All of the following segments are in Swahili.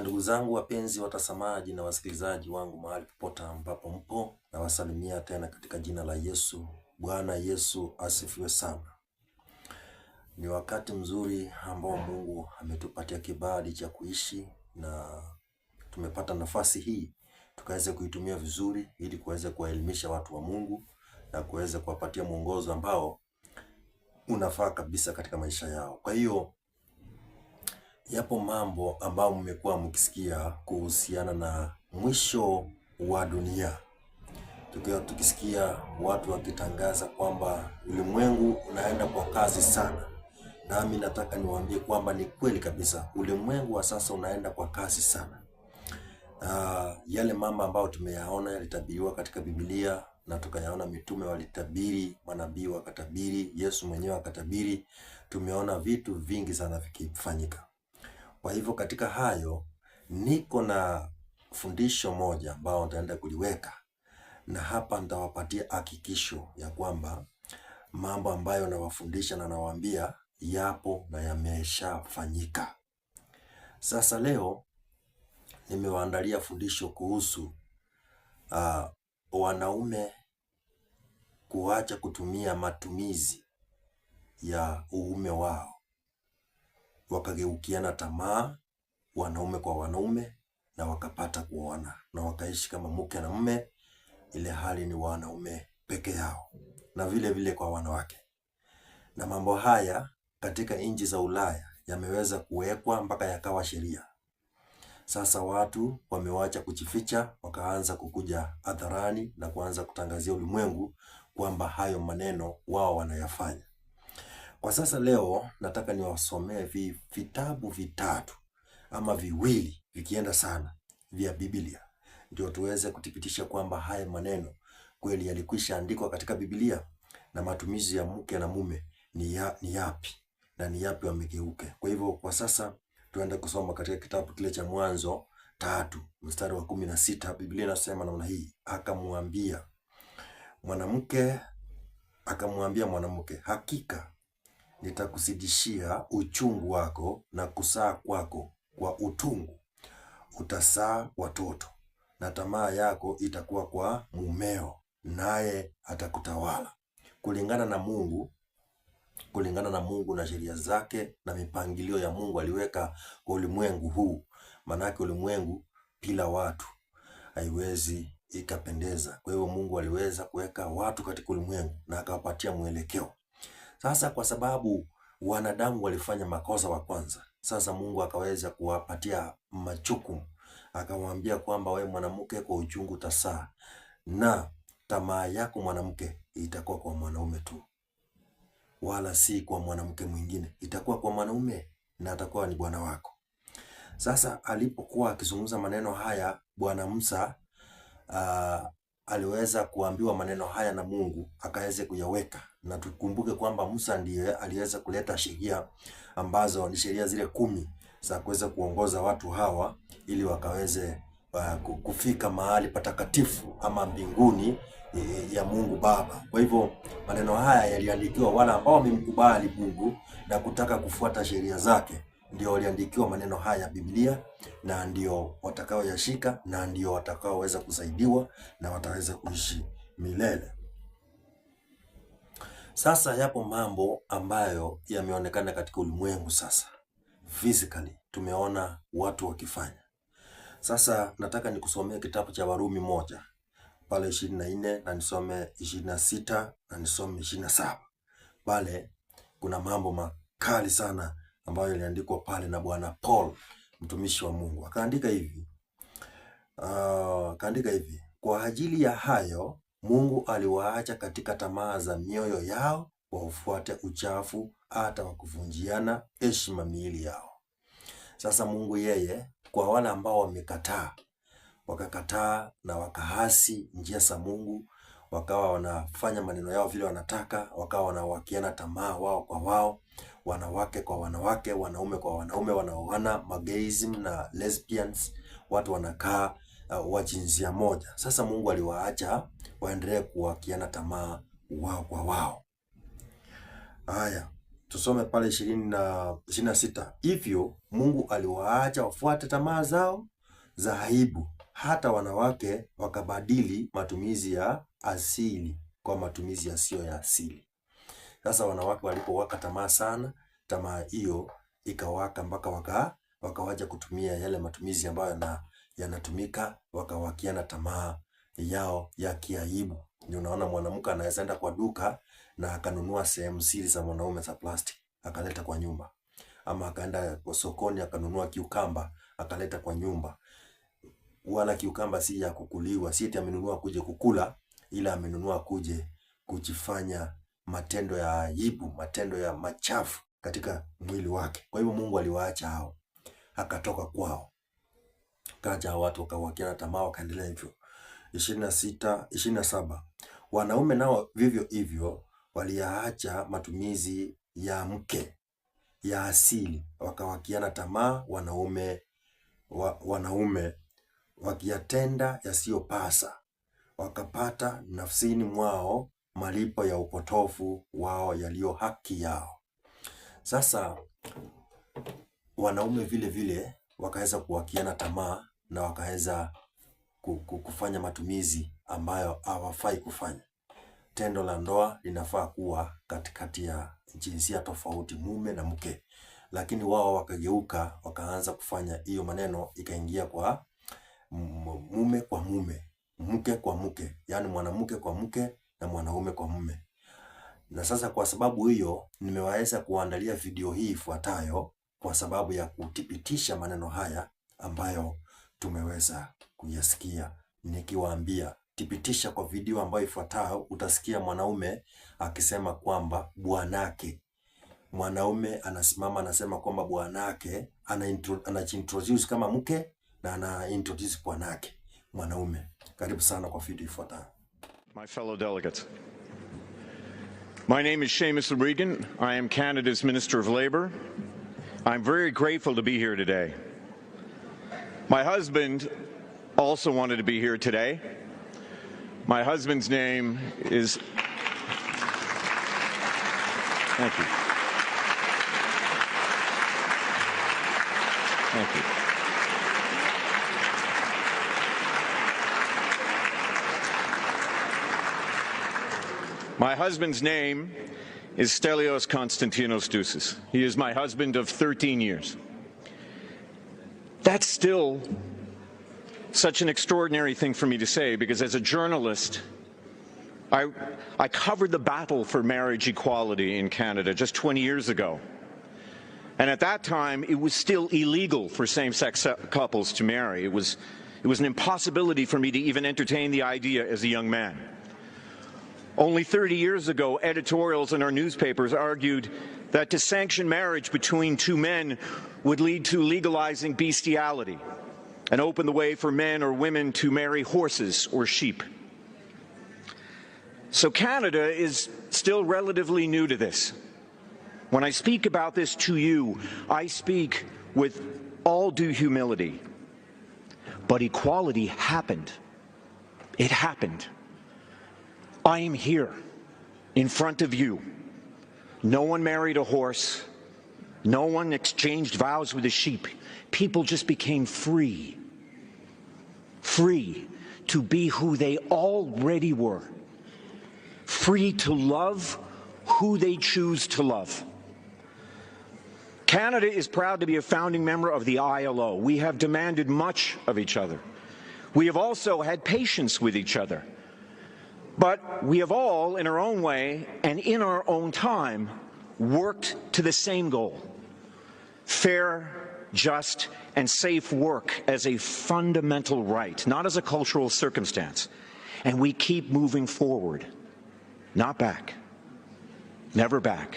Ndugu zangu wapenzi watasamaji na wasikilizaji wangu mahali popote ambapo mpo, nawasalimia tena katika jina la Yesu. Bwana Yesu asifiwe sana. Ni wakati mzuri ambao Mungu ametupatia kibali cha kuishi na tumepata nafasi hii tukaweza kuitumia vizuri, ili kuweza kuwaelimisha watu wa Mungu na kuweza kuwapatia mwongozo ambao unafaa kabisa katika maisha yao. Kwa hiyo Yapo mambo ambayo mmekuwa mkisikia kuhusiana na mwisho wa dunia, tukiwa tukisikia watu wakitangaza kwamba ulimwengu unaenda kwa kasi sana, nami nataka niwaambie kwamba ni kweli kabisa, ulimwengu wa sasa unaenda kwa kasi sana. Uh, yale mambo ambayo tumeyaona yalitabiriwa katika Biblia na tukayaona, mitume walitabiri, manabii wakatabiri, Yesu mwenyewe akatabiri. Tumeona vitu vingi sana vikifanyika. Kwa hivyo katika hayo niko na fundisho moja ambao nitaenda kuliweka, na hapa nitawapatia hakikisho ya kwamba mambo ambayo nawafundisha na nawaambia yapo na yameshafanyika. Sasa leo nimewaandalia fundisho kuhusu uh, wanaume kuacha kutumia matumizi ya uume wao wakageukiana tamaa, wanaume kwa wanaume, na wakapata kuona na wakaishi kama mke na mume, ile hali ni wanaume peke yao, na vile vile kwa wanawake. Na mambo haya katika nchi za Ulaya yameweza kuwekwa mpaka yakawa sheria. Sasa watu wamewacha kujificha, wakaanza kukuja hadharani na kuanza kutangazia ulimwengu kwamba hayo maneno wao wanayafanya. Kwa sasa leo nataka niwasomee vi, vitabu vitatu ama viwili vikienda sana vya Biblia, ndio tuweze kuthibitisha kwamba haya maneno kweli yalikwisha andikwa katika Biblia na matumizi ya mke na mume ni, ya, ni yapi na ni yapi wamegeuke. Kwa hivyo kwa sasa tuende kusoma katika kitabu kile cha Mwanzo tatu mstari wa kumi na sita. Biblia inasema namna hii, akamwambia mwanamke, akamwambia mwanamke, hakika nitakusidishia uchungu wako na kusaa kwako kwa utungu, utasaa watoto na tamaa yako itakuwa kwa mumeo, naye atakutawala. Kulingana na Mungu, kulingana na Mungu na sheria zake na mipangilio ya Mungu aliweka kwa ulimwengu huu, maanake ulimwengu bila watu haiwezi ikapendeza. Kwa hiyo Mungu aliweza kuweka watu katika ulimwengu na akawapatia mwelekeo. Sasa kwa sababu wanadamu walifanya makosa wa kwanza, sasa Mungu akaweza kuwapatia machuku akamwambia kwamba we mwanamke, kwa uchungu tasaa, na tamaa yako mwanamke itakuwa kwa mwanaume tu, wala si kwa mwanamke mwingine, itakuwa kwa mwanaume na atakuwa ni bwana wako. Sasa alipokuwa akizungumza maneno haya Bwana Musa uh, aliweza kuambiwa maneno haya na Mungu akaweze kuyaweka na tukumbuke kwamba Musa ndiye aliweza kuleta sheria ambazo ni sheria zile kumi za kuweza kuongoza watu hawa ili wakaweze uh, kufika mahali patakatifu ama mbinguni e, ya Mungu Baba. Kwa hivyo maneno haya yaliandikiwa wale ambao wamemkubali Mungu na kutaka kufuata sheria zake, ndio waliandikiwa maneno haya ya Biblia na ndio watakaoyashika na ndio watakaoweza kusaidiwa na wataweza kuishi milele. Sasa yapo mambo ambayo yameonekana katika ulimwengu sasa physically tumeona watu wakifanya. Sasa nataka nikusomee kitabu cha Warumi moja pale ishirini na nne na nisome ishirini na sita na nisome ishirini na saba pale kuna mambo makali sana ambayo yaliandikwa pale na Bwana Paul mtumishi wa Mungu akaandika hivi ah, akaandika uh, hivi kwa ajili ya hayo Mungu aliwaacha katika tamaa za mioyo yao, waufuate uchafu hata wa kuvunjiana heshima miili yao. Sasa Mungu yeye, kwa wale ambao wamekataa, wakakataa na wakahasi njia za Mungu, wakawa wanafanya maneno yao vile wanataka, wakawa wanawakiana tamaa wao kwa wao, wanawake kwa wanawake, wanaume kwa wanaume, wanaoana, magaism na lesbians, watu wanakaa Uh, wa jinsia moja. Sasa Mungu aliwaacha waendelee kuwakiana tamaa wao kwa wao. Haya, tusome pale ishirini na sita. Hivyo Mungu aliwaacha wafuate tamaa zao za aibu, hata wanawake wakabadili matumizi ya asili kwa matumizi yasiyo ya asili. Sasa wanawake walipowaka tamaa sana, tamaa hiyo ikawaka mpaka waka wakawaja kutumia yale matumizi ambayo na yanatumika wakawakia na tamaa yao ya kiaibu. Ni unaona mwanamke anaweza enda kwa duka na akanunua sehemu siri za mwanaume za plastic akaleta kwa nyumba, ama akaenda kwa sokoni akanunua kiukamba akaleta kwa nyumba. Wala kiukamba si ya kukuliwa, si eti amenunua kuje kukula, ila amenunua kuje kujifanya matendo ya aibu, matendo ya machafu katika mwili wake. Kwa hivyo Mungu aliwaacha hao, akatoka kwao kaja watu wakawakia tamaa wakaendelea hivyo. ishirini na sita ishirini na saba wanaume nao vivyo hivyo waliyaacha matumizi ya mke ya asili wakawakiana tamaa wanaume wa, wanaume wakiyatenda yasiyopasa wakapata nafsini mwao malipo ya upotofu wao yaliyo haki yao. Sasa wanaume vile vile wakaweza kuwakiana tamaa na wakaweza kufanya matumizi ambayo hawafai kufanya. Tendo la ndoa linafaa kuwa katikati ya jinsia tofauti, mume na mke, lakini wao wakageuka, wakaanza kufanya hiyo maneno, ikaingia kwa mume kwa mume, mke kwa mke, yani mwanamke kwa mke na mwanaume kwa mume. Na sasa kwa sababu hiyo, nimewaweza kuandalia video hii ifuatayo kwa sababu ya kuthibitisha maneno haya ambayo tumeweza kuyasikia nikiwaambia thibitisha kwa video ambayo ifuatayo. Utasikia mwanaume akisema kwamba bwanake, mwanaume anasimama anasema kwamba bwanake, anajiintroduce kama mke na anaintroduce bwanake mwanaume. Karibu sana kwa video ifuatayo. My fellow delegates. My name is Seamus Regan. I am Canada's Minister of Labour. I'm very grateful to be here today. My husband also wanted to be here today. My husband's name is. Thank you. Thank you. My husband's name is Stelios Konstantinos Dousis. He is my husband of 13 years. That's still such an extraordinary thing for me to say because as a journalist, I, I covered the battle for marriage equality in Canada just 20 years ago. And at that time, it was still illegal for same-sex couples to marry. It was, it was an impossibility for me to even entertain the idea as a young man. Only 30 years ago, editorials in our newspapers argued that to sanction marriage between two men would lead to legalizing bestiality and open the way for men or women to marry horses or sheep. So Canada is still relatively new to this. When I speak about this to you, I speak with all due humility. But equality happened. It happened. I am here in front of you. No one married a horse. No one exchanged vows with a sheep. People just became free. Free to be who they already were. Free to love who they choose to love. Canada is proud to be a founding member of the ILO. We have demanded much of each other. We have also had patience with each other. But we have all, in our own way and in our own time, worked to the same goal fair, just, and safe work as a fundamental right, not as a cultural circumstance. And we keep moving forward, not back, never back.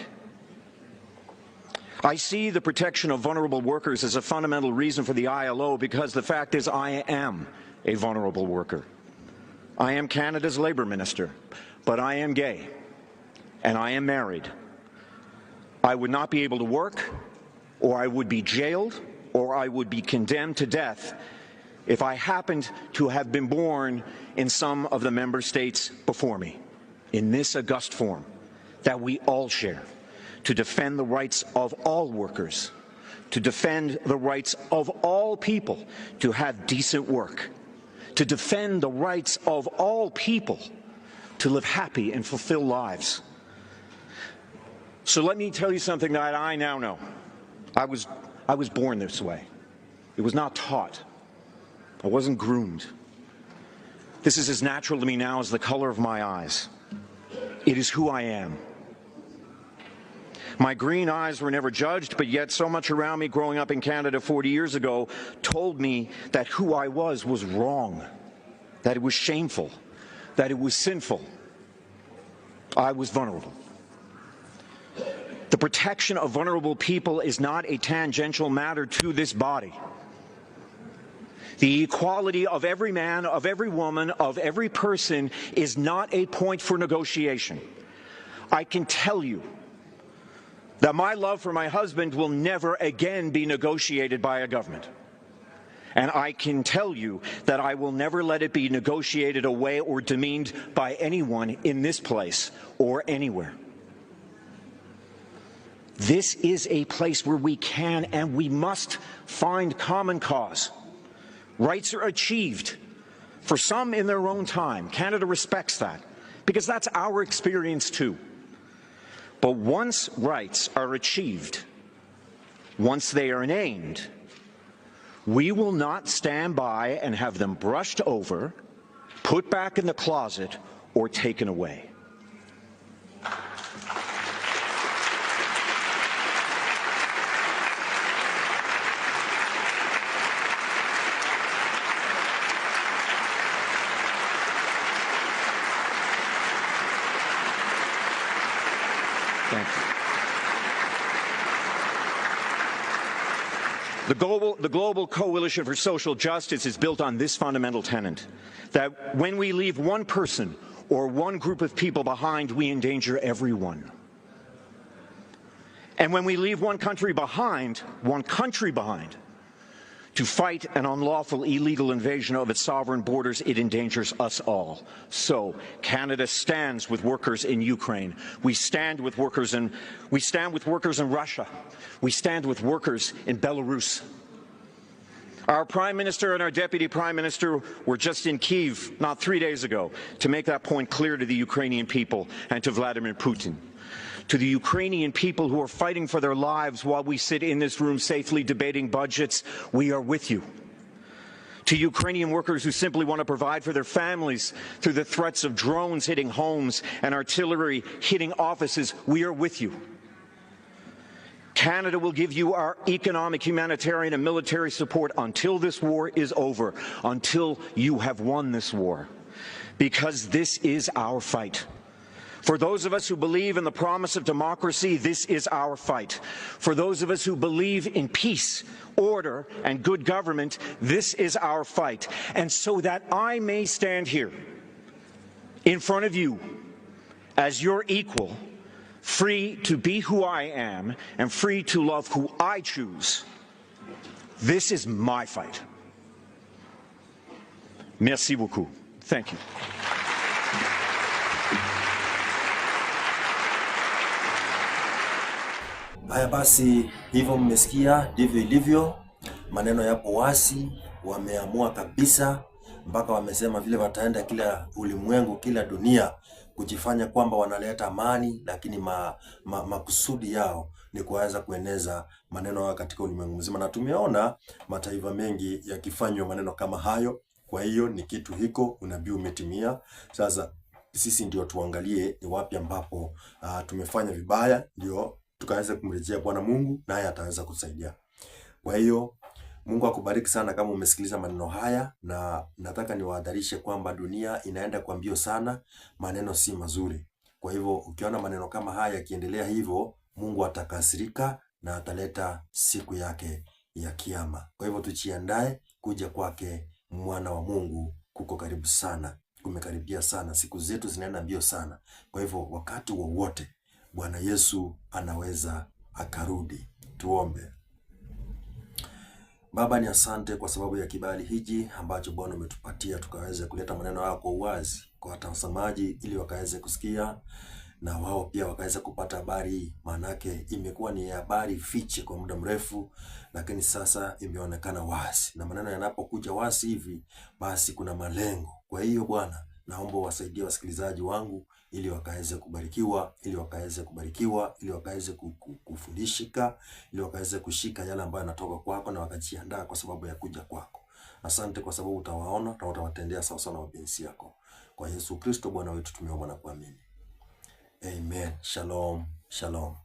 I see the protection of vulnerable workers as a fundamental reason for the ILO because the fact is I am a vulnerable worker. I am Canada's Labour Minister, but I am gay and I am married. I would not be able to work, or I would be jailed, or I would be condemned to death if I happened to have been born in some of the member states before me, in this august form that we all share, to defend the rights of all workers, to defend the rights of all people to have decent work to defend the rights of all people to live happy and fulfilled lives. So let me tell you something that I now know. I was, I was born this way. It was not taught. I wasn't groomed. This is as natural to me now as the color of my eyes. It is who I am. My green eyes were never judged, but yet so much around me growing up in Canada 40 years ago told me that who I was was wrong, that it was shameful, that it was sinful. I was vulnerable. The protection of vulnerable people is not a tangential matter to this body. The equality of every man, of every woman, of every person is not a point for negotiation. I can tell you that my love for my husband will never again be negotiated by a government. And I can tell you that I will never let it be negotiated away or demeaned by anyone in this place or anywhere. This is a place where we can and we must find common cause. Rights are achieved for some in their own time. Canada respects that because that's our experience too. But once rights are achieved, once they are named, we will not stand by and have them brushed over, put back in the closet, or taken away. The global, the global, Coalition for Social Justice is built on this fundamental tenet, that when we leave one person or one group of people behind, we endanger everyone. And when we leave one country behind, one country behind, to fight an unlawful illegal invasion of its sovereign borders, it endangers us all. So Canada stands with workers in Ukraine. We stand with workers in, we stand with workers in Russia. We stand with workers in Belarus. Our Prime Minister and our Deputy Prime Minister were just in Kiev not three days ago to make that point clear to the Ukrainian people and to Vladimir Putin to the Ukrainian people who are fighting for their lives while we sit in this room safely debating budgets, we are with you. To Ukrainian workers who simply want to provide for their families through the threats of drones hitting homes and artillery hitting offices, we are with you Canada will give you our economic, humanitarian, and military support until this war is over, until you have won this war, because this is our fight. For those of us who believe in the promise of democracy, this is our fight. For those of us who believe in peace, order, and good government, this is our fight. And so that I may stand here in front of you as your equal, free to be who I am, and free to love who I choose. This is my fight. Merci beaucoup. Thank you. Haya basi, hivyo mmesikia ndivyo ilivyo. Maneno yapo wasi, wameamua kabisa mpaka wamesema vile wataenda kila ulimwengu, kila dunia kujifanya kwamba wanaleta amani, lakini ma, ma, makusudi yao ni kuweza kueneza maneno hayo katika ulimwengu mzima, na tumeona mataifa mengi yakifanywa maneno kama hayo. Kwa hiyo ni kitu hiko, unabii umetimia. Sasa sisi ndio tuangalie ni wapi ambapo uh, tumefanya vibaya, ndio tukaweza kumrejea Bwana Mungu naye ataweza kusaidia. Kwa hiyo Mungu akubariki sana kama umesikiliza maneno haya, na nataka niwahadharishe kwamba dunia inaenda kwa mbio sana, maneno si mazuri. Kwa hivyo ukiona maneno kama haya yakiendelea hivyo, Mungu atakasirika na ataleta siku yake ya kiama. Kwa hivyo tujiandae kuja kwake mwana wa Mungu kuko karibu sana, kumekaribia sana, siku zetu zinaenda mbio sana. Kwa hivyo wakati wowote Bwana Yesu anaweza akarudi. Tuombe. Baba, ni asante kwa sababu ya kibali hiki ambacho Bwana umetupatia tukaweze kuleta maneno yako kwa uwazi kwa watazamaji, ili wakaweze kusikia na wao pia wakaweza kupata habari, maanake imekuwa ni habari fiche kwa muda mrefu, lakini sasa imeonekana wazi, na maneno yanapokuja wazi hivi, basi kuna malengo. Kwa hiyo Bwana Naomba wasaidie wasikilizaji wangu ili wakaweze kubarikiwa, ili wakaweze kubarikiwa, ili wakaweze kufundishika, ili wakaweze kushika yale ambayo yanatoka kwako na wakajiandaa kwa sababu ya kuja kwako. Asante kwa sababu utawaona na utawatendea sawa sawa na mapenzi yako. Kwa Yesu Kristo Bwana wetu tumeomba na kuamini. Amen. Shalom. Shalom.